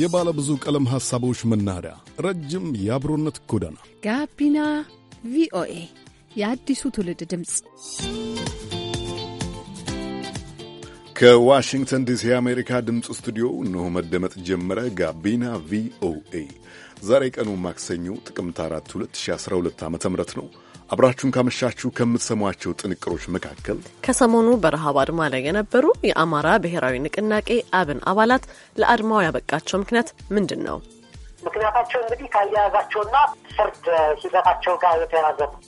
የባለ ብዙ ቀለም ሐሳቦች መናኸሪያ፣ ረጅም የአብሮነት ጎዳና፣ ጋቢና ቪኦኤ የአዲሱ ትውልድ ድምፅ ከዋሽንግተን ዲሲ የአሜሪካ ድምፅ ስቱዲዮ እነሆ መደመጥ ጀመረ። ጋቢና ቪኦኤ ዛሬ ቀኑ ማክሰኞ ጥቅምት 4 2012 ዓ ም ነው። አብራችሁን ካመሻችሁ ከምትሰሟቸው ጥንቅሮች መካከል ከሰሞኑ በረሃብ አድማ ላይ የነበሩ የአማራ ብሔራዊ ንቅናቄ አብን አባላት ለአድማው ያበቃቸው ምክንያት ምንድን ነው? ምክንያታቸው እንግዲህ ካያያዛቸውና ፍርድ ሂደታቸው ጋር የተያያዘ ነው።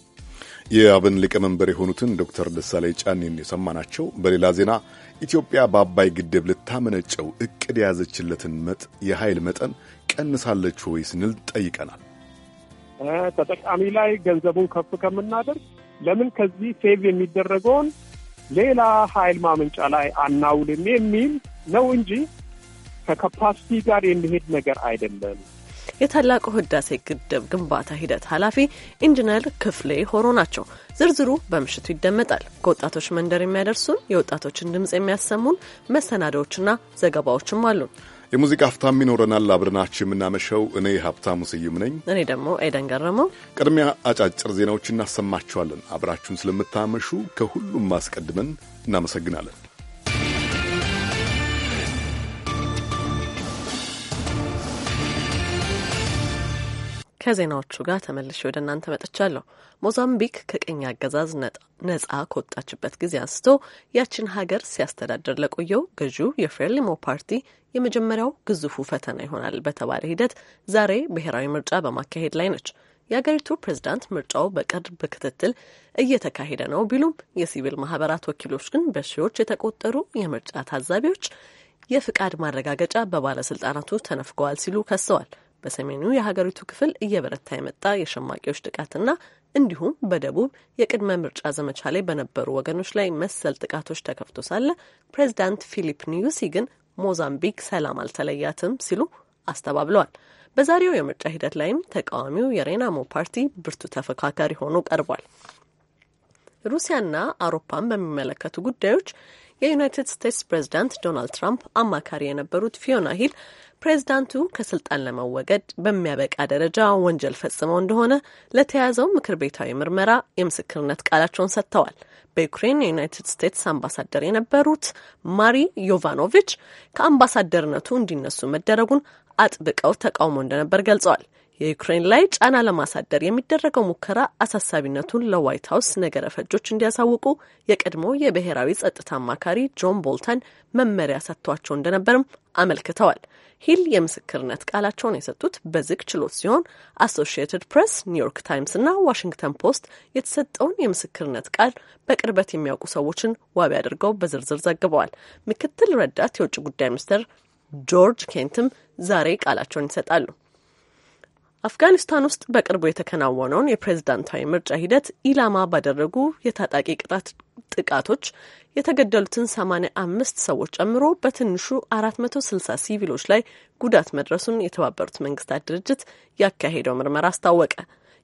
የአብን ሊቀመንበር የሆኑትን ዶክተር ደሳለኝ ጫኔን የሰማናቸው። በሌላ ዜና ኢትዮጵያ በአባይ ግድብ ልታመነጨው እቅድ የያዘችለትን የኃይል መጠን ቀንሳለች ወይ ስንል ጠይቀናል። ተጠቃሚ ላይ ገንዘቡን ከፍ ከምናደርግ ለምን ከዚህ ሴቭ የሚደረገውን ሌላ ኃይል ማመንጫ ላይ አናውልም የሚል ነው እንጂ ከካፓሲቲ ጋር የሚሄድ ነገር አይደለም። የታላቁ ህዳሴ ግድብ ግንባታ ሂደት ኃላፊ ኢንጂነር ክፍሌ ሆሮ ናቸው። ዝርዝሩ በምሽቱ ይደመጣል። ከወጣቶች መንደር የሚያደርሱን የወጣቶችን ድምፅ የሚያሰሙን መሰናዶዎችና ዘገባዎችም አሉን። የሙዚቃ ሀብታም ይኖረናል። አብረናችሁ የምናመሸው እኔ ሀብታሙ ስዩም ነኝ። እኔ ደግሞ ኤደን ገረመው። ቅድሚያ አጫጭር ዜናዎች እናሰማችኋለን። አብራችሁን ስለምታመሹ ከሁሉም አስቀድመን እናመሰግናለን። ከዜናዎቹ ጋር ተመልሼ ወደ እናንተ መጥቻለሁ። ሞዛምቢክ ከቅኝ አገዛዝ ነጻ ከወጣችበት ጊዜ አንስቶ ያችን ሀገር ሲያስተዳድር ለቆየው ገዢው የፍሬሊሞ ፓርቲ የመጀመሪያው ግዙፉ ፈተና ይሆናል በተባለ ሂደት ዛሬ ብሔራዊ ምርጫ በማካሄድ ላይ ነች። የአገሪቱ ፕሬዝዳንት ምርጫው በቅርብ ክትትል እየተካሄደ ነው ቢሉም የሲቪል ማህበራት ወኪሎች ግን በሺዎች የተቆጠሩ የምርጫ ታዛቢዎች የፍቃድ ማረጋገጫ በባለስልጣናቱ ተነፍገዋል ሲሉ ከሰዋል። በሰሜኑ የሀገሪቱ ክፍል እየበረታ የመጣ የሸማቂዎች ጥቃትና እንዲሁም በደቡብ የቅድመ ምርጫ ዘመቻ ላይ በነበሩ ወገኖች ላይ መሰል ጥቃቶች ተከፍቶ ሳለ ፕሬዚዳንት ፊሊፕ ኒዩሲ ግን ሞዛምቢክ ሰላም አልተለያትም ሲሉ አስተባብለዋል። በዛሬው የምርጫ ሂደት ላይም ተቃዋሚው የሬናሞ ፓርቲ ብርቱ ተፎካካሪ ሆኖ ቀርቧል። ሩሲያና አውሮፓን በሚመለከቱ ጉዳዮች የዩናይትድ ስቴትስ ፕሬዚዳንት ዶናልድ ትራምፕ አማካሪ የነበሩት ፊዮና ሂል ፕሬዝዳንቱ ከስልጣን ለመወገድ በሚያበቃ ደረጃ ወንጀል ፈጽመው እንደሆነ ለተያዘው ምክር ቤታዊ ምርመራ የምስክርነት ቃላቸውን ሰጥተዋል። በዩክሬን የዩናይትድ ስቴትስ አምባሳደር የነበሩት ማሪ ዮቫኖቪች ከአምባሳደርነቱ እንዲነሱ መደረጉን አጥብቀው ተቃውሞ እንደነበር ገልጸዋል። የዩክሬን ላይ ጫና ለማሳደር የሚደረገው ሙከራ አሳሳቢነቱን ለዋይት ሀውስ ነገረ ፈጆች እንዲያሳውቁ የቀድሞ የብሔራዊ ጸጥታ አማካሪ ጆን ቦልተን መመሪያ ሰጥቷቸው እንደነበርም አመልክተዋል። ሂል የምስክርነት ቃላቸውን የሰጡት በዝግ ችሎት ሲሆን አሶሺየትድ ፕሬስ፣ ኒውዮርክ ታይምስ እና ዋሽንግተን ፖስት የተሰጠውን የምስክርነት ቃል በቅርበት የሚያውቁ ሰዎችን ዋቢ አድርገው በዝርዝር ዘግበዋል። ምክትል ረዳት የውጭ ጉዳይ ሚኒስትር ጆርጅ ኬንትም ዛሬ ቃላቸውን ይሰጣሉ። አፍጋኒስታን ውስጥ በቅርቡ የተከናወነውን የፕሬዝዳንታዊ ምርጫ ሂደት ኢላማ ባደረጉ የታጣቂ ቅጣት ጥቃቶች የተገደሉትን 85 ሰዎች ጨምሮ በትንሹ 460 ሲቪሎች ላይ ጉዳት መድረሱን የተባበሩት መንግስታት ድርጅት ያካሄደው ምርመራ አስታወቀ።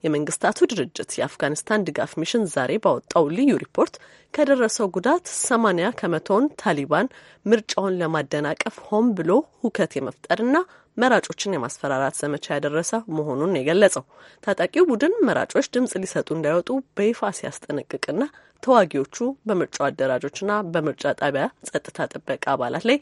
የመንግስታቱ ድርጅት የአፍጋኒስታን ድጋፍ ሚሽን ዛሬ ባወጣው ልዩ ሪፖርት ከደረሰው ጉዳት 80 ከመቶውን ታሊባን ምርጫውን ለማደናቀፍ ሆን ብሎ ሁከት የመፍጠርና መራጮችን የማስፈራራት ዘመቻ ያደረሰ መሆኑን የገለጸው ታጣቂው ቡድን መራጮች ድምጽ ሊሰጡ እንዳይወጡ በይፋ ሲያስጠነቅቅና ተዋጊዎቹ በምርጫው አደራጆችና በምርጫ ጣቢያ ጸጥታ ጥበቃ አባላት ላይ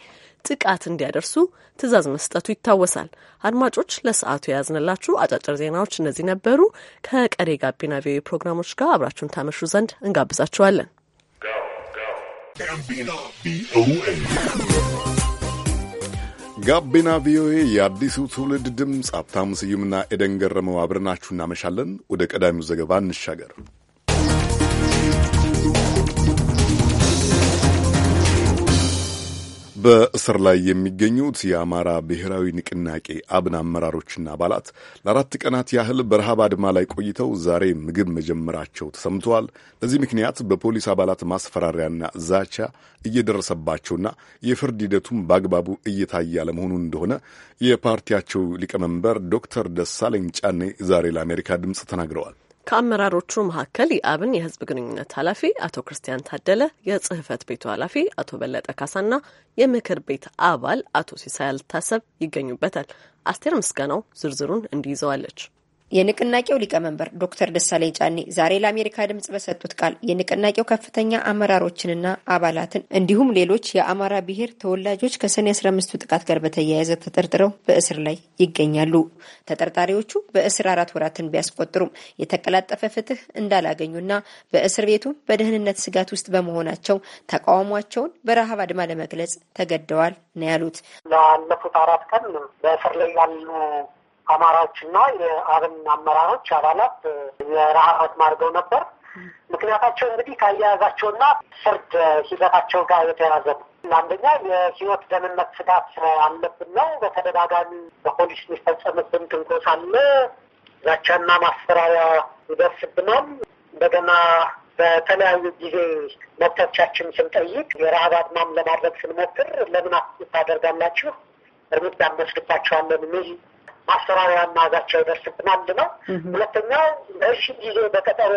ጥቃት እንዲያደርሱ ትዕዛዝ መስጠቱ ይታወሳል። አድማጮች ለሰዓቱ የያዝንላችሁ አጫጭር ዜናዎች እነዚህ ነበሩ። ከቀሪ ጋቢና ቪኦኤ ፕሮግራሞች ጋር አብራችሁን ታመሹ ዘንድ እንጋብዛችኋለን። ጋቢና ቪኦኤ የአዲሱ ትውልድ ድምፅ ሀብታሙ ስዩምና ኤደን ገረመው አብረናችሁ እናመሻለን። ወደ ቀዳሚው ዘገባ እንሻገር። በእስር ላይ የሚገኙት የአማራ ብሔራዊ ንቅናቄ አብን አመራሮችና አባላት ለአራት ቀናት ያህል በረሃብ አድማ ላይ ቆይተው ዛሬ ምግብ መጀመራቸው ተሰምተዋል። በዚህ ምክንያት በፖሊስ አባላት ማስፈራሪያና ዛቻ እየደረሰባቸውና የፍርድ ሂደቱም በአግባቡ እየታየ አለመሆኑ እንደሆነ የፓርቲያቸው ሊቀመንበር ዶክተር ደሳለኝ ጫኔ ዛሬ ለአሜሪካ ድምፅ ተናግረዋል። ከአመራሮቹ መካከል የአብን የህዝብ ግንኙነት ኃላፊ አቶ ክርስቲያን ታደለ፣ የጽህፈት ቤቱ ኃላፊ አቶ በለጠ ካሳና የምክር ቤት አባል አቶ ሲሳይ አልታሰብ ይገኙበታል። አስቴር ምስጋናው ዝርዝሩን እንዲይዘዋለች። የንቅናቄው ሊቀመንበር ዶክተር ደሳለኝ ጫኔ ዛሬ ለአሜሪካ ድምጽ በሰጡት ቃል የንቅናቄው ከፍተኛ አመራሮችንና አባላትን እንዲሁም ሌሎች የአማራ ብሔር ተወላጆች ከሰኔ 15 ጥቃት ጋር በተያያዘ ተጠርጥረው በእስር ላይ ይገኛሉ። ተጠርጣሪዎቹ በእስር አራት ወራትን ቢያስቆጥሩም የተቀላጠፈ ፍትህ እንዳላገኙና በእስር ቤቱ በደህንነት ስጋት ውስጥ በመሆናቸው ተቃውሟቸውን በረሃብ አድማ ለመግለጽ ተገደዋል ነው ያሉት። ላለፉት አራት ቀን በእስር ላይ ያሉ አማራዎችና የአብን አመራሮች አባላት የረሃብ አድማ አድርገው ነበር። ምክንያታቸው እንግዲህ ከአያያዛቸውና ፍርድ ሂደታቸው ጋር የተያዘ ነው። አንደኛ የህይወት ደህንነት ስጋት አለብን ነው። በተደጋጋሚ በፖሊስ የሚፈጸምብን ትንኮሳ አለ፣ ዛቻና ማስፈራሪያ ይደርስብናል። እንደገና በተለያዩ ጊዜ መብቶቻችን ስንጠይቅ የረሃብ አድማም ለማድረግ ስንሞክር ለምን አታደርጋላችሁ እርምጃ እንወስድባችኋለን የሚል ማሰራሪያ ማዛቸው ይደርስብናል ነው። ሁለተኛው ረዥም ጊዜ በቀጠሮ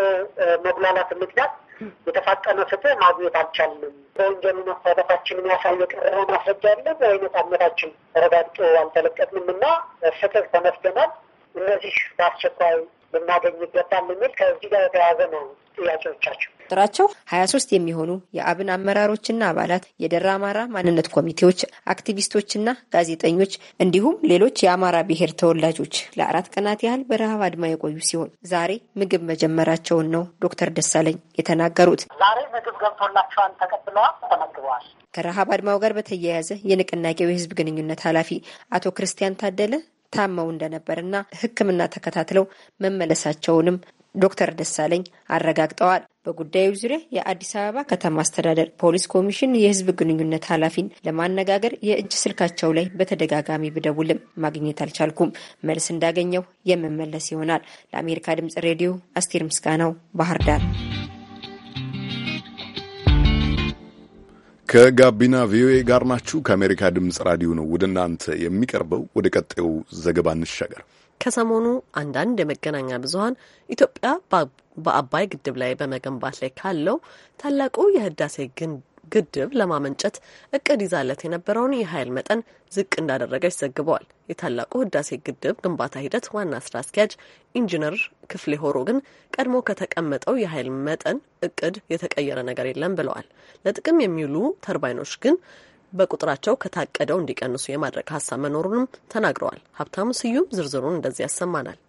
መጉላላት ምክንያት የተፋጠነ ፍትህ ማግኘት አልቻልንም። በወንጀሉ መሳተፋችን የሚያሳይ የቀረበ ማስረጃ ያለ የአይነት አመታችን ተረጋግጦ አልተለቀቅንም እና ፍትህ ተመስገናል። እነዚህ በአስቸኳይ ልናገኝ ይገባል የሚል ከዚህ ጋር የተያያዘ ነው ጥያቄዎቻቸው። ቁጥራቸው ሀያ ሶስት የሚሆኑ የአብን አመራሮችና አባላት የደራ አማራ ማንነት ኮሚቴዎች፣ አክቲቪስቶችና ጋዜጠኞች እንዲሁም ሌሎች የአማራ ብሔር ተወላጆች ለአራት ቀናት ያህል በረሃብ አድማ የቆዩ ሲሆን ዛሬ ምግብ መጀመራቸውን ነው ዶክተር ደሳለኝ የተናገሩት። ዛሬ ምግብ ገብቶላቸዋል፣ ተቀብለዋል፣ ተመግበዋል። ከረሃብ አድማው ጋር በተያያዘ የንቅናቄው የህዝብ ግንኙነት ኃላፊ አቶ ክርስቲያን ታደለ ታመው እንደነበርና ሕክምና ተከታትለው መመለሳቸውንም ዶክተር ደሳለኝ አረጋግጠዋል። በጉዳዩ ዙሪያ የአዲስ አበባ ከተማ አስተዳደር ፖሊስ ኮሚሽን የህዝብ ግንኙነት ኃላፊን ለማነጋገር የእጅ ስልካቸው ላይ በተደጋጋሚ ብደውልም ማግኘት አልቻልኩም። መልስ እንዳገኘው የምመለስ ይሆናል። ለአሜሪካ ድምጽ ሬዲዮ አስቴር ምስጋናው ባህር ዳር ከጋቢና ቪኦኤ ጋር ናችሁ። ከአሜሪካ ድምፅ ራዲዮ ነው ወደ እናንተ የሚቀርበው። ወደ ቀጣዩ ዘገባ እንሻገር። ከሰሞኑ አንዳንድ የመገናኛ ብዙኃን ኢትዮጵያ በአባይ ግድብ ላይ በመገንባት ላይ ካለው ታላቁ የህዳሴ ግንብ ግድብ ለማመንጨት እቅድ ይዛለት የነበረውን የኃይል መጠን ዝቅ እንዳደረገች ዘግበዋል። የታላቁ ህዳሴ ግድብ ግንባታ ሂደት ዋና ስራ አስኪያጅ ኢንጂነር ክፍሌ ሆሮ ግን ቀድሞ ከተቀመጠው የኃይል መጠን እቅድ የተቀየረ ነገር የለም ብለዋል። ለጥቅም የሚውሉ ተርባይኖች ግን በቁጥራቸው ከታቀደው እንዲቀንሱ የማድረግ ሀሳብ መኖሩንም ተናግረዋል። ሀብታሙ ስዩም ዝርዝሩን እንደዚህ ያሰማናል።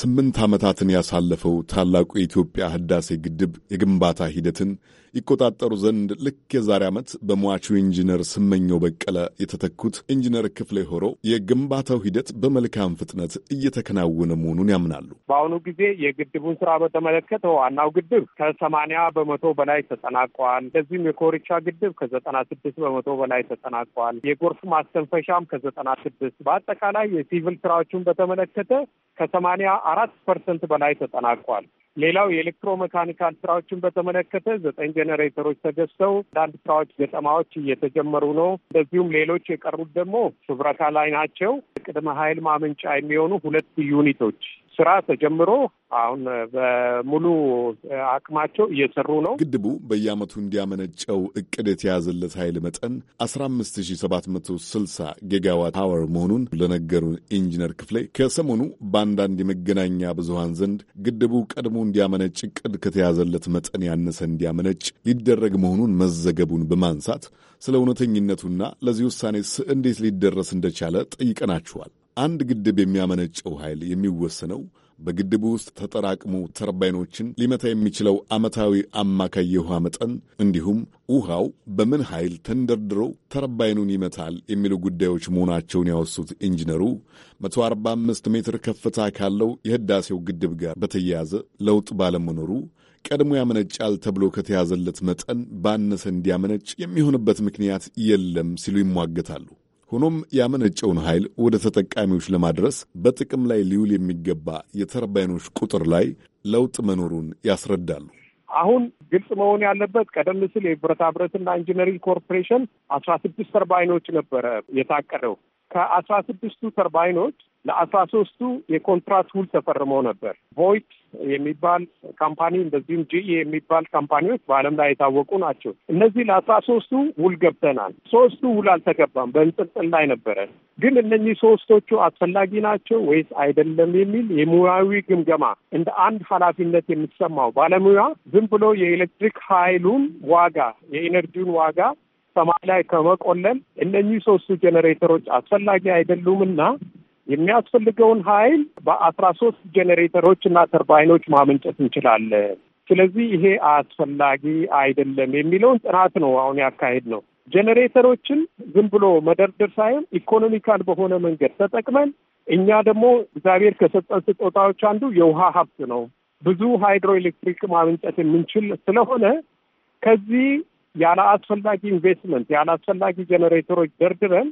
ስምንት ዓመታትን ያሳለፈው ታላቁ የኢትዮጵያ ህዳሴ ግድብ የግንባታ ሂደትን ይቆጣጠሩ ዘንድ ልክ የዛሬ ዓመት በሟቹ ኢንጂነር ስመኘው በቀለ የተተኩት ኢንጂነር ክፍሌ ሆሮ የግንባታው ሂደት በመልካም ፍጥነት እየተከናወነ መሆኑን ያምናሉ። በአሁኑ ጊዜ የግድቡን ስራ በተመለከተ ዋናው ግድብ ከሰማንያ በመቶ በላይ ተጠናቋል። እንደዚሁም የኮርቻ ግድብ ከዘጠና ስድስት በመቶ በላይ ተጠናቋል። የጎርፍ ማስተንፈሻም ከዘጠና ስድስት በአጠቃላይ የሲቪል ስራዎችን በተመለከተ ከሰማንያ አራት ፐርሰንት በላይ ተጠናቋል። ሌላው የኤሌክትሮ መካኒካል ስራዎችን በተመለከተ ዘጠኝ ጀኔሬተሮች ተገዝተው አንዳንድ ስራዎች ገጠማዎች እየተጀመሩ ነው። እንደዚሁም ሌሎች የቀሩት ደግሞ ሽብረካ ላይ ናቸው። ቅድመ ኃይል ማመንጫ የሚሆኑ ሁለት ዩኒቶች ስራ ተጀምሮ አሁን በሙሉ አቅማቸው እየሰሩ ነው። ግድቡ በየዓመቱ እንዲያመነጨው እቅድ የተያዘለት ኃይል መጠን ስልሳ ጌጋዋት አወር መሆኑን ለነገሩን ኢንጂነር ክፍሌ ከሰሞኑ በአንዳንድ የመገናኛ ብዙሃን ዘንድ ግድቡ ቀድሞ እንዲያመነጭ እቅድ ከተያዘለት መጠን ያነሰ እንዲያመነጭ ሊደረግ መሆኑን መዘገቡን በማንሳት ስለ እውነተኝነቱና ለዚህ ውሳኔስ እንዴት ሊደረስ እንደቻለ ጠይቀናችኋል። አንድ ግድብ የሚያመነጨው ኃይል የሚወሰነው በግድቡ ውስጥ ተጠራቅሞ ተርባይኖችን ሊመታ የሚችለው ዓመታዊ አማካይ የውሃ መጠን እንዲሁም ውሃው በምን ኃይል ተንደርድሮ ተርባይኑን ይመታል የሚሉ ጉዳዮች መሆናቸውን ያወሱት ኢንጂነሩ 145 ሜትር ከፍታ ካለው የህዳሴው ግድብ ጋር በተያያዘ ለውጥ ባለመኖሩ ቀድሞ ያመነጫል ተብሎ ከተያዘለት መጠን ባነሰ እንዲያመነጭ የሚሆንበት ምክንያት የለም ሲሉ ይሟገታሉ። ሆኖም ያመነጨውን ኃይል ወደ ተጠቃሚዎች ለማድረስ በጥቅም ላይ ሊውል የሚገባ የተርባይኖች ቁጥር ላይ ለውጥ መኖሩን ያስረዳሉ። አሁን ግልጽ መሆን ያለበት ቀደም ሲል የብረታ ብረትና ኢንጂነሪንግ ኮርፖሬሽን አስራ ስድስት ተርባይኖች ነበረ የታቀደው። ከአስራ ስድስቱ ተርባይኖች ለአስራ ሶስቱ የኮንትራት ውል ተፈርመው ነበር። ቮይት የሚባል ካምፓኒ እንደዚሁም ጂኢ የሚባል ካምፓኒዎች በዓለም ላይ የታወቁ ናቸው። እነዚህ ለአስራ ሶስቱ ውል ገብተናል። ሶስቱ ውል አልተገባም፣ በእንጥልጥል ላይ ነበረ። ግን እነኚህ ሶስቶቹ አስፈላጊ ናቸው ወይስ አይደለም የሚል የሙያዊ ግምገማ እንደ አንድ ኃላፊነት የምትሰማው ባለሙያ ዝም ብሎ የኤሌክትሪክ ኃይሉን ዋጋ የኢነርጂውን ዋጋ ሰማይ ላይ ከመቆለል እነኚህ ሶስቱ ጄኔሬተሮች አስፈላጊ አይደሉም የሚያስፈልገውን ኃይል በአስራ ሶስት ጄኔሬተሮች እና ተርባይኖች ማመንጨት እንችላለን። ስለዚህ ይሄ አስፈላጊ አይደለም የሚለውን ጥናት ነው አሁን ያካሄድ ነው። ጄኔሬተሮችን ዝም ብሎ መደርደር ሳይሆን ኢኮኖሚካል በሆነ መንገድ ተጠቅመን እኛ ደግሞ እግዚአብሔር ከሰጠን ስጦታዎች አንዱ የውሃ ሀብት ነው። ብዙ ሃይድሮ ኤሌክትሪክ ማመንጨት የምንችል ስለሆነ ከዚህ ያለ አስፈላጊ ኢንቨስትመንት ያለ አስፈላጊ ጀኔሬተሮች ደርድረን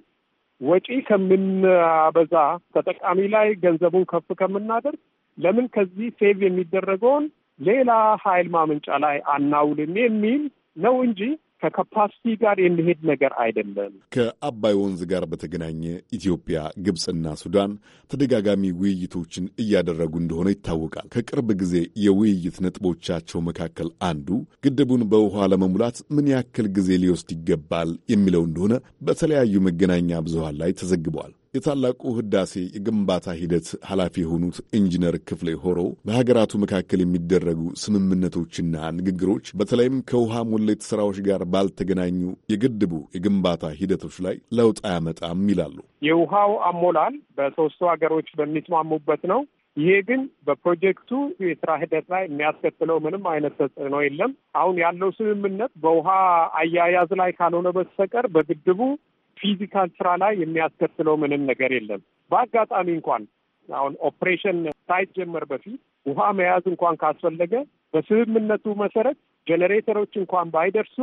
ወጪ ከምናበዛ ተጠቃሚ ላይ ገንዘቡን ከፍ ከምናደርግ ለምን ከዚህ ሴቭ የሚደረገውን ሌላ ኃይል ማመንጫ ላይ አናውልም የሚል ነው እንጂ ከካፓሲቲ ጋር የሚሄድ ነገር አይደለም። ከአባይ ወንዝ ጋር በተገናኘ ኢትዮጵያ፣ ግብፅና ሱዳን ተደጋጋሚ ውይይቶችን እያደረጉ እንደሆነ ይታወቃል። ከቅርብ ጊዜ የውይይት ነጥቦቻቸው መካከል አንዱ ግድቡን በውኃ ለመሙላት ምን ያክል ጊዜ ሊወስድ ይገባል የሚለው እንደሆነ በተለያዩ መገናኛ ብዙሃን ላይ ተዘግቧል። የታላቁ ህዳሴ የግንባታ ሂደት ኃላፊ የሆኑት ኢንጂነር ክፍሌ ሆሮ በሀገራቱ መካከል የሚደረጉ ስምምነቶችና ንግግሮች በተለይም ከውሃ ሙሌት ስራዎች ጋር ባልተገናኙ የግድቡ የግንባታ ሂደቶች ላይ ለውጥ አያመጣም ይላሉ። የውሃው አሞላል በሶስቱ ሀገሮች በሚስማሙበት ነው። ይሄ ግን በፕሮጀክቱ የስራ ሂደት ላይ የሚያስከትለው ምንም አይነት ተጽዕኖ የለም። አሁን ያለው ስምምነት በውሃ አያያዝ ላይ ካልሆነ በስተቀር በግድቡ ፊዚካል ስራ ላይ የሚያስከትለው ምንም ነገር የለም። በአጋጣሚ እንኳን አሁን ኦፕሬሽን ሳይጀመር በፊት ውሃ መያዝ እንኳን ካስፈለገ በስምምነቱ መሰረት ጀኔሬተሮች እንኳን ባይደርሱ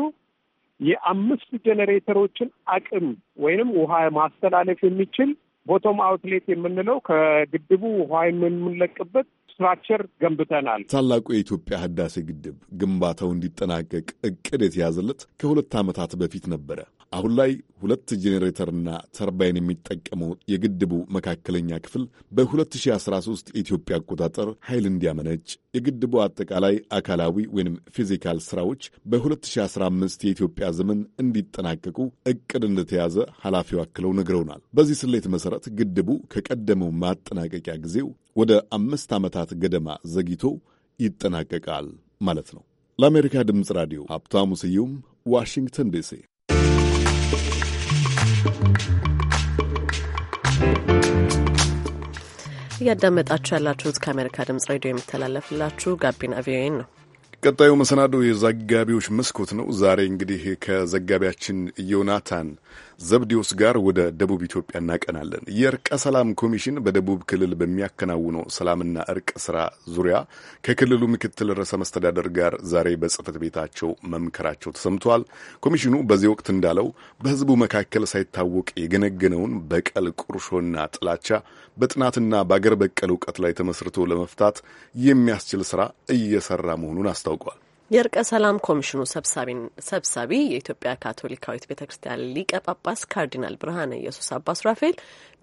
የአምስት ጀኔሬተሮችን አቅም ወይንም ውሃ ማስተላለፍ የሚችል ቦቶም አውትሌት የምንለው ከግድቡ ውሃ የምንለቅበት ስትራክቸር ገንብተናል። ታላቁ የኢትዮጵያ ህዳሴ ግድብ ግንባታው እንዲጠናቀቅ እቅድ የተያዘለት ከሁለት ዓመታት በፊት ነበረ። አሁን ላይ ሁለት ጄኔሬተርና ተርባይን የሚጠቀመው የግድቡ መካከለኛ ክፍል በ2013 የኢትዮጵያ አቆጣጠር ኃይል እንዲያመነጭ የግድቡ አጠቃላይ አካላዊ ወይም ፊዚካል ስራዎች በ2015 የኢትዮጵያ ዘመን እንዲጠናቀቁ እቅድ እንደተያዘ ኃላፊው አክለው ነግረውናል። በዚህ ስሌት መሠረት ግድቡ ከቀደመው ማጠናቀቂያ ጊዜው ወደ አምስት ዓመታት ገደማ ዘግይቶ ይጠናቀቃል ማለት ነው። ለአሜሪካ ድምፅ ራዲዮ ሀብታሙ ስዩም ዋሽንግተን ዲሲ እያዳመጣችሁ ያላችሁት ከአሜሪካ ድምጽ ሬዲዮ የሚተላለፍላችሁ ጋቢና ቪኦኤ ነው። ቀጣዩ መሰናዶ የዘጋቢዎች መስኮት ነው። ዛሬ እንግዲህ ከዘጋቢያችን ዮናታን ዘብዴዎስ ጋር ወደ ደቡብ ኢትዮጵያ እናቀናለን። የእርቀ ሰላም ኮሚሽን በደቡብ ክልል በሚያከናውነው ሰላምና እርቅ ስራ ዙሪያ ከክልሉ ምክትል ርዕሰ መስተዳደር ጋር ዛሬ በጽህፈት ቤታቸው መምከራቸው ተሰምተዋል። ኮሚሽኑ በዚህ ወቅት እንዳለው በህዝቡ መካከል ሳይታወቅ የገነገነውን በቀል፣ ቁርሾና ጥላቻ በጥናትና በአገር በቀል እውቀት ላይ ተመስርቶ ለመፍታት የሚያስችል ስራ እየሰራ መሆኑን አስታውቋል። የእርቀ ሰላም ኮሚሽኑ ሰብሳቢ የኢትዮጵያ ካቶሊካዊት ቤተ ክርስቲያን ሊቀ ጳጳስ ካርዲናል ብርሃነ ኢየሱስ አባ ሱራፌል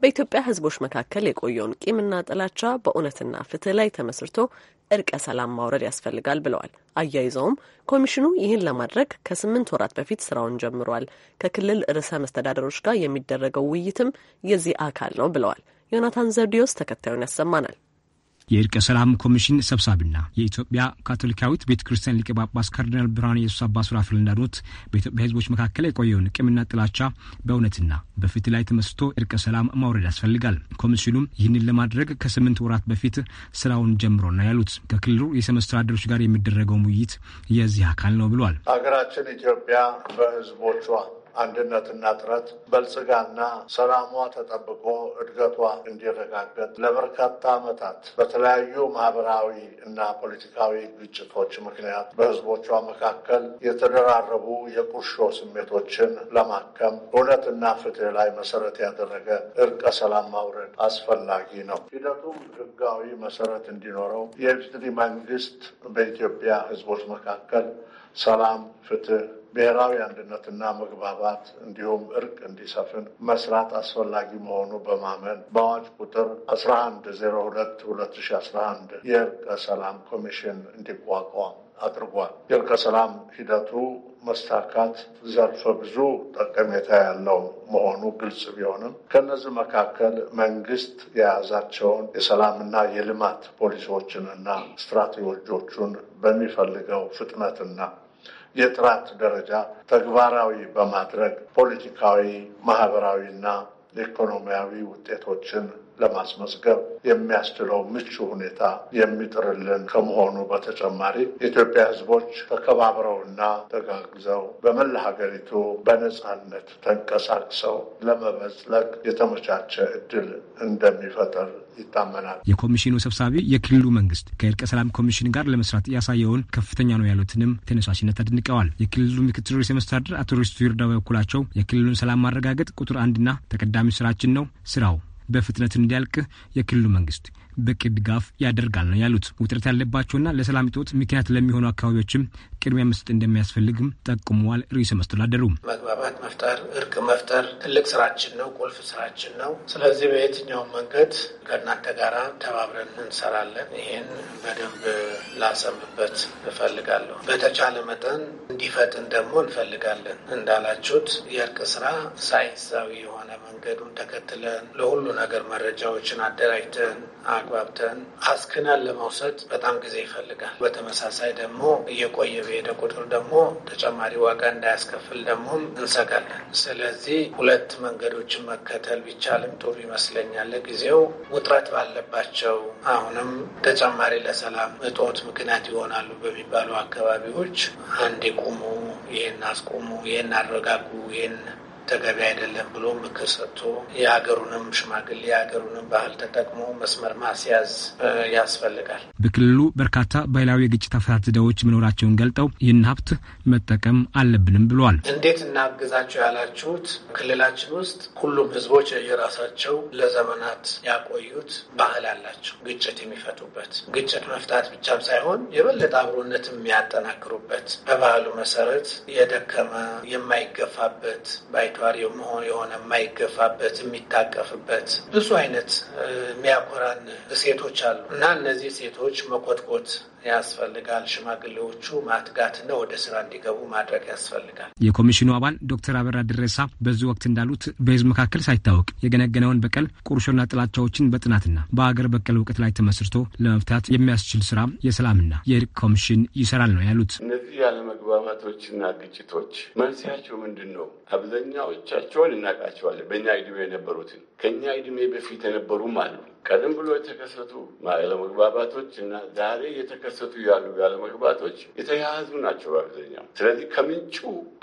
በኢትዮጵያ ሕዝቦች መካከል የቆየውን ቂምና ጥላቻ በእውነትና ፍትህ ላይ ተመስርቶ እርቀ ሰላም ማውረድ ያስፈልጋል ብለዋል። አያይዘውም ኮሚሽኑ ይህን ለማድረግ ከስምንት ወራት በፊት ስራውን ጀምሯል። ከክልል ርዕሰ መስተዳደሮች ጋር የሚደረገው ውይይትም የዚህ አካል ነው ብለዋል። ዮናታን ዘርዲዮስ ተከታዩን ያሰማናል። የእርቀ ሰላም ኮሚሽን ሰብሳቢና የኢትዮጵያ ካቶሊካዊት ቤተ ክርስቲያን ሊቀ ጳጳስ ካርዲናል ብርሃን ኢየሱስ አባ ሱራፌል እንዳሉት በኢትዮጵያ ሕዝቦች መካከል የቆየውን ቂምና ጥላቻ በእውነትና በፍትህ ላይ ተመስቶ እርቀ ሰላም ማውረድ ያስፈልጋል። ኮሚሽኑም ይህንን ለማድረግ ከስምንት ወራት በፊት ስራውን ጀምሮና ያሉት ከክልሉ የርዕሰ ጋር የሚደረገው ውይይት የዚህ አካል ነው ብሏል። ሀገራችን ኢትዮጵያ በህዝቦቿ አንድነትና ጥረት በልጽጋና ሰላሟ ተጠብቆ እድገቷ እንዲረጋገጥ ለበርካታ ዓመታት በተለያዩ ማህበራዊ እና ፖለቲካዊ ግጭቶች ምክንያት በህዝቦቿ መካከል የተደራረቡ የቁርሾ ስሜቶችን ለማከም እውነትና ፍትህ ላይ መሰረት ያደረገ እርቀ ሰላም ማውረድ አስፈላጊ ነው። ሂደቱም ህጋዊ መሰረት እንዲኖረው የኢፌዴሪ መንግስት በኢትዮጵያ ህዝቦች መካከል ሰላም፣ ፍትህ፣ ብሔራዊ አንድነትና መግባባት እንዲሁም እርቅ እንዲሰፍን መስራት አስፈላጊ መሆኑ በማመን በአዋጅ ቁጥር 11022011 የእርቀ ሰላም ኮሚሽን እንዲቋቋም አድርጓል። የእርቀ ሰላም ሂደቱ መሳካት ዘርፈ ብዙ ጠቀሜታ ያለው መሆኑ ግልጽ ቢሆንም ከነዚህ መካከል መንግስት የያዛቸውን የሰላምና የልማት ፖሊሲዎችንና ስትራቴጂዎቹን በሚፈልገው ፍጥነትና የጥራት ደረጃ ተግባራዊ በማድረግ ፖለቲካዊ፣ ማህበራዊና ኢኮኖሚያዊ ውጤቶችን ለማስመዝገብ የሚያስችለው ምቹ ሁኔታ የሚጥርልን ከመሆኑ በተጨማሪ የኢትዮጵያ ሕዝቦች ተከባብረውና ተጋግዘው በመላ ሀገሪቱ በነፃነት ተንቀሳቅሰው ለመበዝለቅ የተመቻቸ እድል እንደሚፈጠር ይታመናል። የኮሚሽኑ ሰብሳቢ የክልሉ መንግስት ከእርቀ ሰላም ኮሚሽን ጋር ለመስራት ያሳየውን ከፍተኛ ነው ያሉትንም ተነሳሽነት አድንቀዋል። የክልሉ ምክትል ርዕሰ መስተዳድር አቶ ሪስቱ ይርዳ በበኩላቸው የክልሉን ሰላም ማረጋገጥ ቁጥር አንድና ተቀዳሚ ስራችን ነው። ስራው በፍጥነት እንዲያልቅ የክልሉ መንግስት በቂ ድጋፍ ያደርጋል ነው ያሉት። ውጥረት ያለባቸውና ለሰላም እጦት ምክንያት ለሚሆኑ አካባቢዎችም ቅድሚያ መስጠት እንደሚያስፈልግም ጠቁመዋል። ርዕሰ መስተዳደሩ መግባባት መፍጠር፣ እርቅ መፍጠር ትልቅ ስራችን ነው፣ ቁልፍ ስራችን ነው። ስለዚህ በየትኛውም መንገድ ከእናንተ ጋር ተባብረን እንሰራለን። ይህን በደንብ ላሰምበት እፈልጋለሁ። በተቻለ መጠን እንዲፈጥን ደግሞ እንፈልጋለን። እንዳላችሁት የእርቅ ስራ ሳይንሳዊ የሆነ መንገዱን ተከትለን ለሁሉ ነገር መረጃዎችን አደራጅተን አግባብተን አስክናን ለመውሰድ በጣም ጊዜ ይፈልጋል። በተመሳሳይ ደግሞ እየቆየ በሄደ ቁጥር ደግሞ ተጨማሪ ዋጋ እንዳያስከፍል ደግሞ እንሰጋለን። ስለዚህ ሁለት መንገዶችን መከተል ቢቻልም ጥሩ ይመስለኛል። ለጊዜው ውጥረት ባለባቸው አሁንም ተጨማሪ ለሰላም እጦት ምክንያት ይሆናሉ በሚባሉ አካባቢዎች አንድ ቁሙ፣ ይህን አስቁሙ፣ ይህን አረጋጉ፣ ይህን ተገቢ አይደለም ብሎ ምክር ሰጥቶ የሀገሩንም ሽማግሌ የሀገሩንም ባህል ተጠቅሞ መስመር ማስያዝ ያስፈልጋል። በክልሉ በርካታ ባህላዊ የግጭት አፈታት ዘዴዎች መኖራቸውን ገልጠው ይህን ሀብት መጠቀም አለብንም ብሏል። እንዴት እናግዛቸው ያላችሁት ክልላችን ውስጥ ሁሉም ህዝቦች የራሳቸው ለዘመናት ያቆዩት ባህል አላቸው። ግጭት የሚፈቱበት ግጭት መፍታት ብቻም ሳይሆን የበለጠ አብሮነት የሚያጠናክሩበት በባህሉ መሰረት የደከመ የማይገፋበት ባይቶ ተግባር የሆነ የማይገፋበት የሚታቀፍበት ብዙ አይነት የሚያኮራን ሴቶች አሉ እና እነዚህ ሴቶች መኮትኮት ያስፈልጋል። ሽማግሌዎቹ ማትጋትና ወደ ስራ እንዲገቡ ማድረግ ያስፈልጋል። የኮሚሽኑ አባል ዶክተር አበራ ድሬሳ በዚህ ወቅት እንዳሉት በህዝብ መካከል ሳይታወቅ የገነገነውን በቀል ቁርሾና ጥላቻዎችን በጥናትና በአገር በቀል እውቀት ላይ ተመስርቶ ለመፍታት የሚያስችል ስራ የሰላምና የእርቅ ኮሚሽን ይሰራል ነው ያሉት። እነዚህ ያለመግባባቶችና ግጭቶች መንስያቸው ምንድን ነው? አብዛኛዎቻቸውን እናውቃቸዋለን። በእኛ እድሜ የነበሩትን ከእኛ እድሜ በፊት የነበሩም አሉ ቀደም ብሎ የተከሰቱ ያለመግባባቶች እና ዛሬ የተከሰቱ ያሉ ያለመግባባቶች የተያያዙ ናቸው በአብዛኛው። ስለዚህ ከምንጩ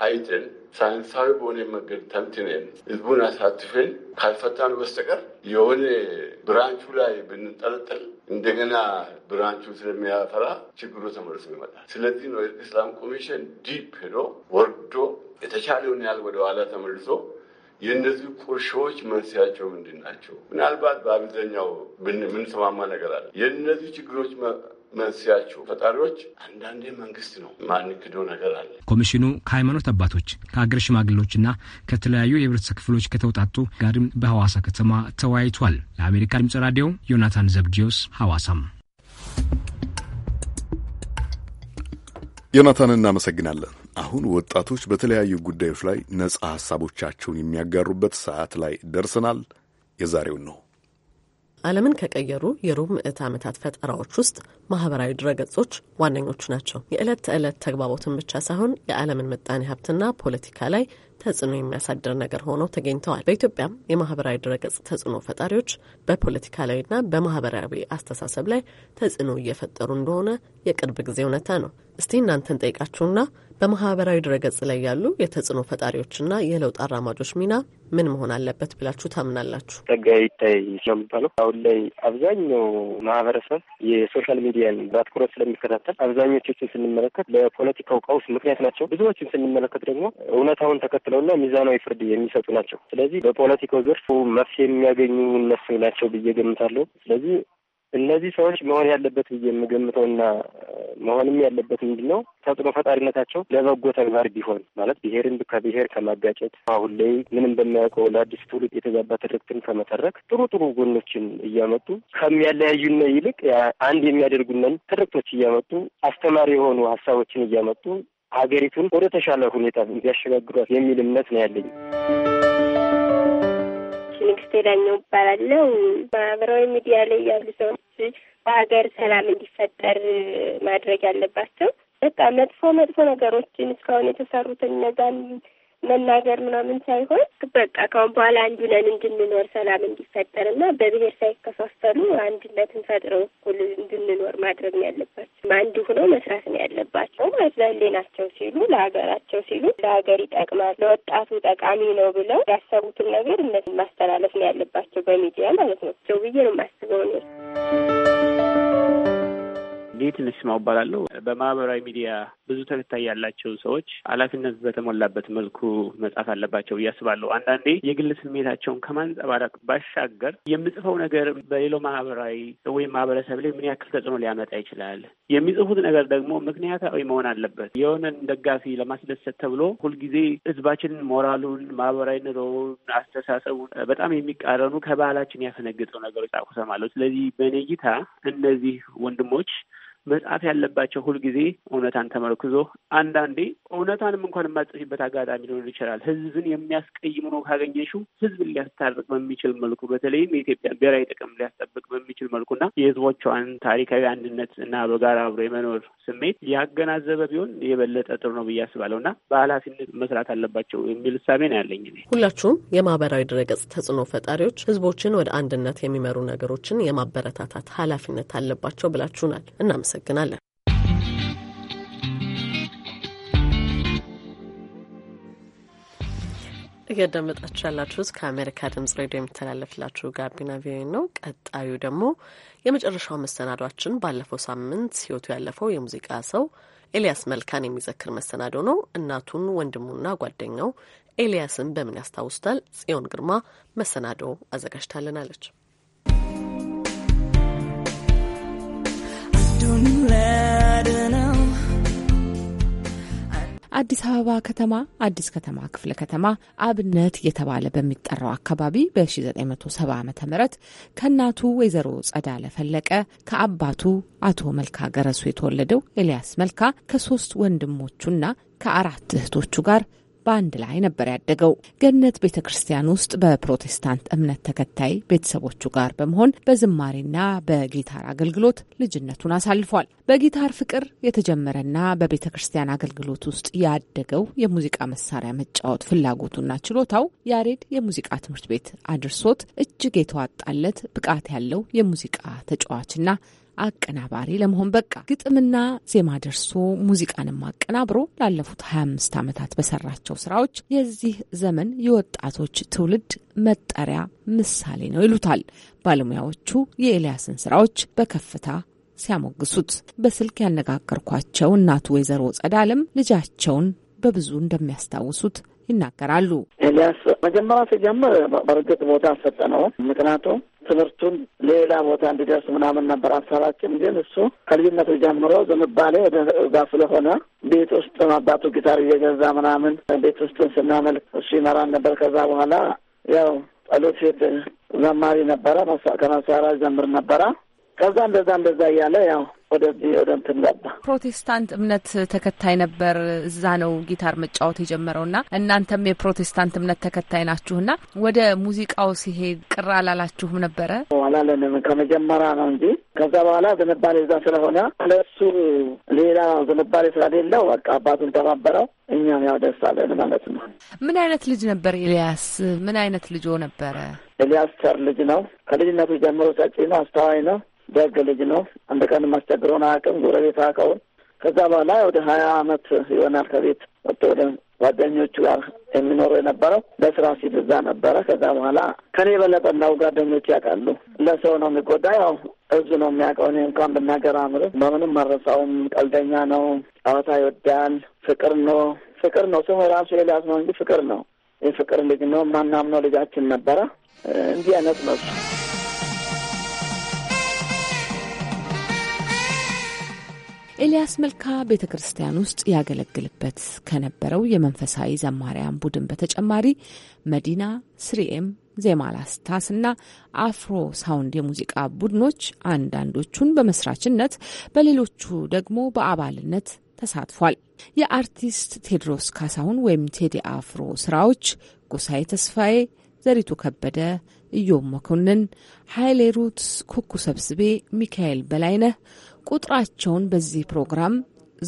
አይተን ሳይንሳዊ በሆነ መንገድ ተንትነን ህዝቡን አሳትፈን ካልፈታን በስተቀር የሆነ ብራንቹ ላይ ብንጠለጠል እንደገና ብራንቹ ስለሚያፈራ ችግሩ ተመልሶ ይመጣል። ስለዚህ ነው ኢስላም ኮሚሽን ዲፕ ሄዶ ወርዶ የተቻለውን ያህል ወደኋላ ተመልሶ የእነዚህ ቁርሾዎች መንስያቸው ምንድን ናቸው? ምናልባት በአብዛኛው የምንሰማማ ነገር አለ። የእነዚህ ችግሮች መንስያቸው ፈጣሪዎች አንዳንዴ መንግስት ነው። ማንክደው ነገር አለ። ኮሚሽኑ ከሃይማኖት አባቶች ከአገር ሽማግሌዎችና ከተለያዩ የህብረተሰብ ክፍሎች ከተውጣጡ ጋርም በሐዋሳ ከተማ ተወያይቷል። ለአሜሪካ ድምጽ ራዲዮ ዮናታን ዘብዲዮስ ሐዋሳም። ዮናታን እናመሰግናለን። አሁን ወጣቶች በተለያዩ ጉዳዮች ላይ ነጻ ሀሳቦቻቸውን የሚያጋሩበት ሰዓት ላይ ደርሰናል። የዛሬውን ነው። ዓለምን ከቀየሩ የሩብ ምዕት ዓመታት ፈጠራዎች ውስጥ ማህበራዊ ድረገጾች ዋነኞቹ ናቸው። የዕለት ተዕለት ተግባቦትን ብቻ ሳይሆን የዓለምን ምጣኔ ሀብትና ፖለቲካ ላይ ተጽዕኖ የሚያሳድር ነገር ሆነው ተገኝተዋል። በኢትዮጵያም የማህበራዊ ድረገጽ ተጽዕኖ ፈጣሪዎች በፖለቲካዊና በማህበራዊ አስተሳሰብ ላይ ተጽዕኖ እየፈጠሩ እንደሆነ የቅርብ ጊዜ እውነታ ነው። እስቲ እናንተን ጠይቃችሁና በማህበራዊ ድረገጽ ላይ ያሉ የተጽዕኖ ፈጣሪዎችና የለውጥ አራማጆች ሚና ምን መሆን አለበት ብላችሁ ታምናላችሁ? ጸጋዬ ይታይ የሚባለው። አሁን ላይ አብዛኛው ማህበረሰብ የሶሻል ሚዲያን በአትኩረት ስለሚከታተል አብዛኞቹን ስንመለከት ለፖለቲካው ቀውስ ምክንያት ናቸው። ብዙዎችን ስንመለከት ደግሞ እውነታውን ተከትለውና ሚዛናዊ ፍርድ የሚሰጡ ናቸው። ስለዚህ በፖለቲካው ዘርፍ መፍትሄ የሚያገኙ እነሱ ናቸው ብዬ ገምታለሁ። ስለዚህ እነዚህ ሰዎች መሆን ያለበት ብዬ የምገምተውና መሆንም ያለበት ምንድን ነው ተጽዕኖ ፈጣሪነታቸው ለበጎ ተግባር ቢሆን ማለት ብሔርን ከብሔር ከማጋጨት አሁን ላይ ምንም በሚያውቀው ለአዲስ ትውልድ የተዛባ ትርክትን ከመተረክ ጥሩ ጥሩ ጎኖችን እያመጡ ከሚያለያዩነ ይልቅ አንድ የሚያደርጉነን ትርክቶች እያመጡ አስተማሪ የሆኑ ሀሳቦችን እያመጡ ሀገሪቱን ወደ ተሻለ ሁኔታ እንዲያሸጋግሯት የሚል እምነት ነው ያለኝ። ንግስት ዳኛው እባላለሁ። ማህበራዊ ሚዲያ ላይ ያሉ ሰዎች በሀገር ሰላም እንዲፈጠር ማድረግ ያለባቸው በቃ መጥፎ መጥፎ ነገሮችን እስካሁን የተሰሩትን እነዛን መናገር ምናምን ሳይሆን በቃ ካሁን በኋላ አንድ ነን እንድንኖር ሰላም እንዲፈጠር እና በብሔር ሳይከፋፈሉ አንድነትን ፈጥረው እኩል እንድንኖር ማድረግ ነው ያለባቸው። አንድ ሁነው መስራት ነው ያለባቸው ማለት ለሕሊናቸው ሲሉ፣ ለሀገራቸው ሲሉ፣ ለሀገር ይጠቅማል፣ ለወጣቱ ጠቃሚ ነው ብለው ያሰቡትን ነገር እነሱን ማስተላለፍ ነው ያለባቸው በሚዲያ ማለት ነው ብዬ ነው የማስበው ነው ጌትነሽ ስማው እባላለሁ። በማህበራዊ ሚዲያ ብዙ ተከታይ ያላቸው ሰዎች ኃላፊነት በተሞላበት መልኩ መጻፍ አለባቸው ብዬ አስባለሁ። አንዳንዴ የግል ስሜታቸውን ከማንጸባረቅ ባሻገር የምጽፈው ነገር በሌላው ማህበራዊ ወይም ማህበረሰብ ላይ ምን ያክል ተጽዕኖ ሊያመጣ ይችላል? የሚጽፉት ነገር ደግሞ ምክንያታዊ መሆን አለበት። የሆነን ደጋፊ ለማስደሰት ተብሎ ሁልጊዜ ህዝባችንን ሞራሉን፣ ማህበራዊ ኑሮውን፣ አስተሳሰቡን በጣም የሚቃረኑ ከባህላችን ያፈነግጠው ነገሮች ጻፉ ስለዚህ በእኔ እይታ እነዚህ ወንድሞች መጽሐፍ ያለባቸው ሁልጊዜ እውነታን ተመርክዞ አንዳንዴ እውነታንም እንኳን የማጽፊበት አጋጣሚ ሊሆን ይችላል። ህዝብን የሚያስቀይም ነው ካገኘሽው ህዝብን ሊያስታርቅ በሚችል መልኩ በተለይም የኢትዮጵያ ብሔራዊ ጥቅም ሊያስጠብቅ በሚችል መልኩና የህዝቦቿን ታሪካዊ አንድነት እና በጋራ አብሮ የመኖር ስሜት ያገናዘበ ቢሆን የበለጠ ጥሩ ነው ብዬ አስባለሁ እና በኃላፊነት መስራት አለባቸው የሚል እሳቤ ነው ያለኝ። ሁላችሁም የማህበራዊ ድረገጽ ተጽዕኖ ፈጣሪዎች ህዝቦችን ወደ አንድነት የሚመሩ ነገሮችን የማበረታታት ኃላፊነት አለባቸው ብላችሁናል። እናመሰግናለን። እናመሰግናለን። እያዳመጣችሁ ያላችሁት ከአሜሪካ ድምጽ ሬዲዮ የሚተላለፍላችሁ ጋቢና ቪኦኤ ነው። ቀጣዩ ደግሞ የመጨረሻው መሰናዷችን ባለፈው ሳምንት ሕይወቱ ያለፈው የሙዚቃ ሰው ኤልያስ መልካን የሚዘክር መሰናዶ ነው። እናቱን ወንድሙና ጓደኛው ኤልያስን በምን ያስታውሱታል? ጽዮን ግርማ መሰናዶ አዘጋጅታልናለች። አዲስ አበባ ከተማ አዲስ ከተማ ክፍለ ከተማ አብነት እየተባለ በሚጠራው አካባቢ በ1970 ዓ ም ከእናቱ ወይዘሮ ጸዳለ ፈለቀ ከአባቱ አቶ መልካ ገረሱ የተወለደው ኤልያስ መልካ ከሶስት ወንድሞቹና ከአራት እህቶቹ ጋር በአንድ ላይ ነበር ያደገው። ገነት ቤተ ክርስቲያን ውስጥ በፕሮቴስታንት እምነት ተከታይ ቤተሰቦቹ ጋር በመሆን በዝማሬና በጊታር አገልግሎት ልጅነቱን አሳልፏል። በጊታር ፍቅር የተጀመረና በቤተ ክርስቲያን አገልግሎት ውስጥ ያደገው የሙዚቃ መሳሪያ መጫወት ፍላጎቱና ችሎታው ያሬድ የሙዚቃ ትምህርት ቤት አድርሶት እጅግ የተዋጣለት ብቃት ያለው የሙዚቃ ተጫዋችና አቀናባሪ ለመሆን በቃ። ግጥምና ዜማ ደርሶ ሙዚቃንም አቀናብሮ ላለፉት 25 ዓመታት በሰራቸው ስራዎች የዚህ ዘመን የወጣቶች ትውልድ መጠሪያ ምሳሌ ነው ይሉታል ባለሙያዎቹ የኤልያስን ስራዎች በከፍታ ሲያሞግሱት በስልክ ያነጋገርኳቸው እናቱ ወይዘሮ ጸዳለም ልጃቸውን በብዙ እንደሚያስታውሱት ይናገራሉ። ኤልያስ መጀመሪያ ሲጀምር በእርግጥ ቦታ ሰጠ ነው። ምክንያቱም ትምህርቱን ሌላ ቦታ እንዲደርስ ምናምን ነበር ሀሳባችን። ግን እሱ ከልጅነቱ ጀምሮ ዝንባሌ ወደ ጋ ስለሆነ ቤት ውስጥ አባቱ ጊታር እየገዛ ምናምን ቤት ውስጥን ስናመልክ እሱ ይመራን ነበር። ከዛ በኋላ ያው ጸሎት ሴት ዘማሪ ነበረ፣ ከመሳሪያ ዘምር ነበረ። ከዛ እንደዛ እንደዛ እያለ ያው ወደዚህ ወደ እንትን ገባ። ፕሮቴስታንት እምነት ተከታይ ነበር። እዛ ነው ጊታር መጫወት የጀመረው እና እናንተም የፕሮቴስታንት እምነት ተከታይ ናችሁ ናችሁና ወደ ሙዚቃው ሲሄድ ቅር አላላችሁም ነበረ? አላለንም። ከመጀመሪያ ነው እንጂ ከዛ በኋላ ዝንባሌ እዛ ስለሆነ ለሱ ሌላ ዝንባሌ ስለሌለው በቃ አባቱን ተባበረው። እኛም ያው ደስ አለን ማለት ነው። ምን አይነት ልጅ ነበር ኤልያስ? ምን አይነት ልጆ ነበረ? ኤልያስ ቸር ልጅ ነው። ከልጅነቱ ጀምሮ ሰጪ ነው፣ አስተዋይ ነው። ደግ ልጅ ነው። አንድ ቀን የማስቸግረውን አያውቅም። ጎረቤት አያውቀውም። ከዛ በኋላ ወደ ሀያ አመት ይሆናል ከቤት ወጥቶ ወደ ጓደኞቹ ጋር የሚኖሩ የነበረው ለስራ ሲል እዛ ነበረ። ከዛ በኋላ ከኔ የበለጠ እንዳው ጓደኞች ያውቃሉ። ለሰው ነው የሚጎዳ፣ ያው እዙ ነው የሚያውቀው። እኔ እንኳን ብናገር አምር በምንም መረሳውም። ቀልደኛ ነው፣ ጨዋታ ይወዳል፣ ፍቅር ነው ፍቅር ነው። ስሙ ራሱ ኤልያስ ነው እንጂ ፍቅር ነው። የፍቅር ልጅ ነው። ማናምነው ልጃችን ነበረ። እንዲህ አይነት ነው። ኤልያስ መልካ ቤተ ክርስቲያን ውስጥ ያገለግልበት ከነበረው የመንፈሳዊ ዘማሪያን ቡድን በተጨማሪ መዲና፣ ስሪኤም፣ ዜማላስታስ እና አፍሮ ሳውንድ የሙዚቃ ቡድኖች አንዳንዶቹን በመስራችነት በሌሎቹ ደግሞ በአባልነት ተሳትፏል። የአርቲስት ቴድሮስ ካሳሁን ወይም ቴዲ አፍሮ ስራዎች ጎሳዬ ተስፋዬ፣ ዘሪቱ ከበደ፣ እዮም መኮንን፣ ሀይሌ ሩት ኩኩ ሰብስቤ፣ ሚካኤል በላይነህ ቁጥራቸውን በዚህ ፕሮግራም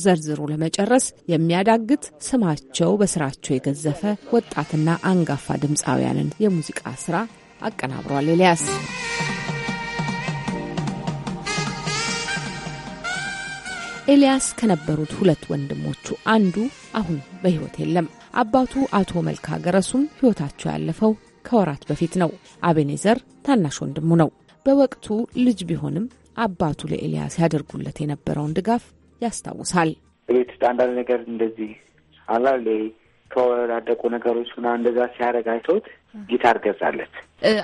ዘርዝሮ ለመጨረስ የሚያዳግት ስማቸው በስራቸው የገዘፈ ወጣትና አንጋፋ ድምፃውያንን የሙዚቃ ስራ አቀናብሯል ኤልያስ። ኤልያስ ከነበሩት ሁለት ወንድሞቹ አንዱ አሁን በሕይወት የለም። አባቱ አቶ መልካ ገረሱም ሕይወታቸው ያለፈው ከወራት በፊት ነው። አቤኔዘር ታናሽ ወንድሙ ነው። በወቅቱ ልጅ ቢሆንም አባቱ ለኤልያስ ያደርጉለት የነበረውን ድጋፍ ያስታውሳል። ቤት ውስጥ አንዳንድ ነገር እንደዚህ አላለ ከወዳደቁ ነገሮች ና እንደዛ ሲያደርግ አይቶት ጊታር ገዛለት።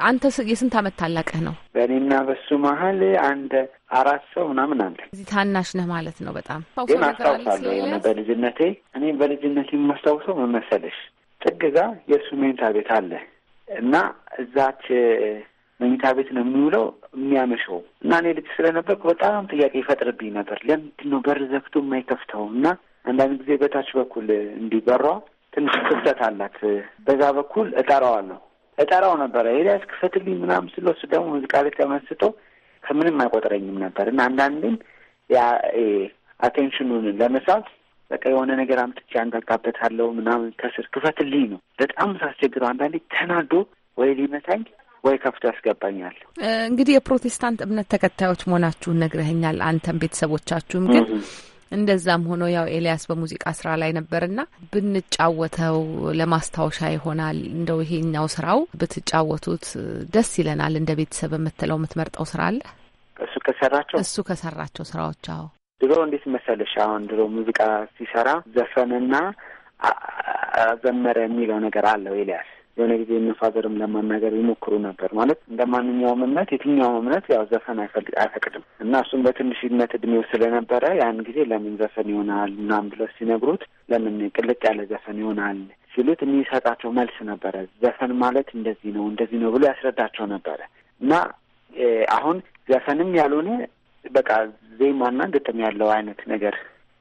አንተ የስንት አመት ታላቅህ ነው? በእኔና በሱ መሀል አንድ አራት ሰው ምናምን አለ። እዚህ ታናሽ ነህ ማለት ነው። በጣም ግን አስታውሳለሁ የሆነ በልጅነቴ እኔ በልጅነት የማስታውሰው መመሰለሽ ጥግ ጋ የእሱ ሜንታ ቤት አለ እና እዛች መኝታ ቤት ነው የሚውለው የሚያመሸው እና እኔ ልጅ ስለነበርኩ በጣም ጥያቄ ይፈጥርብኝ ነበር። ለምንድን ነው በር ዘግቶ የማይከፍተው? እና አንዳንድ ጊዜ በታች በኩል እንዲበሯ ትንሽ ክፍተት አላት። በዛ በኩል እጠራዋለሁ እጠራው ነበረ ኤልያስ ክፈትልኝ ምናምን ስለው እሱ ደግሞ ሙዚቃ ቤት ተመስጦ ከምንም አይቆጥረኝም ነበር እና አንዳንድም አቴንሽኑን ለመሳብ በቃ የሆነ ነገር አምጥቼ አንጋጋበታለሁ ምናምን ከስር ክፈትልኝ ነው። በጣም ሳስቸግረው አንዳንዴ ተናዶ ወይ ሊመታኝ ወይ ከፍቶ ያስገባኛል። እንግዲህ የፕሮቴስታንት እምነት ተከታዮች መሆናችሁን ነግረኸኛል፣ አንተም ቤተሰቦቻችሁም ግን እንደዛም ሆኖ ያው ኤልያስ በሙዚቃ ስራ ላይ ነበርና ብንጫወተው ለማስታወሻ ይሆናል። እንደው ይሄኛው ስራው ብትጫወቱት ደስ ይለናል እንደ ቤተሰብ የምትለው የምትመርጠው ስራ አለ? እሱ ከሰራቸው እሱ ከሰራቸው ስራዎች አዎ፣ ድሮ እንዴት መሰለሽ፣ አሁን ድሮ ሙዚቃ ሲሰራ ዘፈንና ዘመረ የሚለው ነገር አለው ኤልያስ የሆነ ጊዜ እንፋዘርም ለማናገር ይሞክሩ ነበር። ማለት እንደ ማንኛውም እምነት የትኛውም እምነት ያው ዘፈን አይፈቅድም እና እሱም በትንሽነት እድሜው ስለነበረ ያን ጊዜ ለምን ዘፈን ይሆናል ምናምን ብለው ሲነግሩት ለምን ቅልጥ ያለ ዘፈን ይሆናል ሲሉት የሚሰጣቸው መልስ ነበረ። ዘፈን ማለት እንደዚህ ነው እንደዚህ ነው ብሎ ያስረዳቸው ነበረ እና አሁን ዘፈንም ያልሆነ በቃ ዜማና ግጥም ያለው አይነት ነገር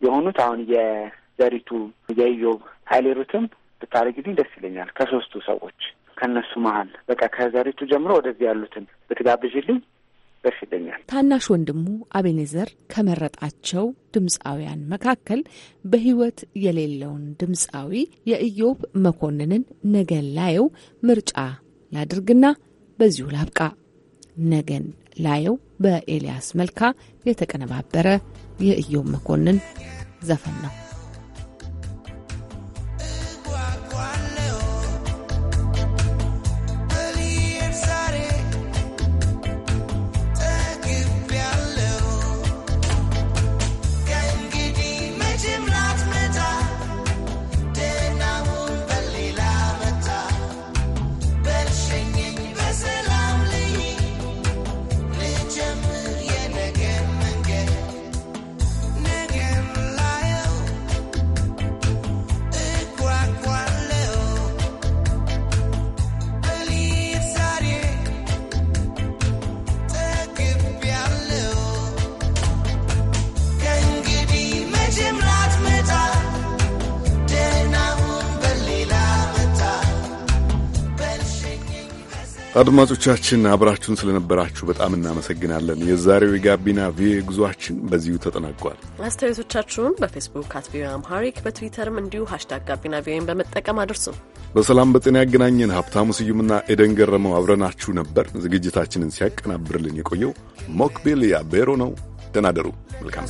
የሆኑት አሁን የዘሪቱ የኢዮብ ሀይሌሩትም ብታደርጊልኝ ደስ ይለኛል። ከሶስቱ ሰዎች ከእነሱ መሀል በቃ ከዘሪቱ ጀምሮ ወደዚህ ያሉትን ብትጋብዥልኝ ደስ ይለኛል። ታናሽ ወንድሙ አቤኔዘር ከመረጣቸው ድምፃውያን መካከል በህይወት የሌለውን ድምፃዊ የኢዮብ መኮንንን ነገን ላየው ምርጫ ላድርግና በዚሁ ላብቃ። ነገን ላየው በኤልያስ መልካ የተቀነባበረ የኢዮብ መኮንን ዘፈን ነው። አድማጮቻችን አብራችሁን ስለነበራችሁ በጣም እናመሰግናለን። የዛሬው የጋቢና ቪኦኤ ጉዟችን በዚሁ ተጠናቋል። አስተያየቶቻችሁን በፌስቡክ አት ቪኦኤ አምሃሪክ በትዊተርም እንዲሁ ሀሽታግ ጋቢና ቪኦኤን በመጠቀም አድርሱ። በሰላም በጤና ያገናኘን። ሀብታሙ ስዩምና ኤደን ገረመው አብረናችሁ ነበር። ዝግጅታችንን ሲያቀናብርልን የቆየው ሞክቤል ያቤሮ ነው። ደናደሩ መልካም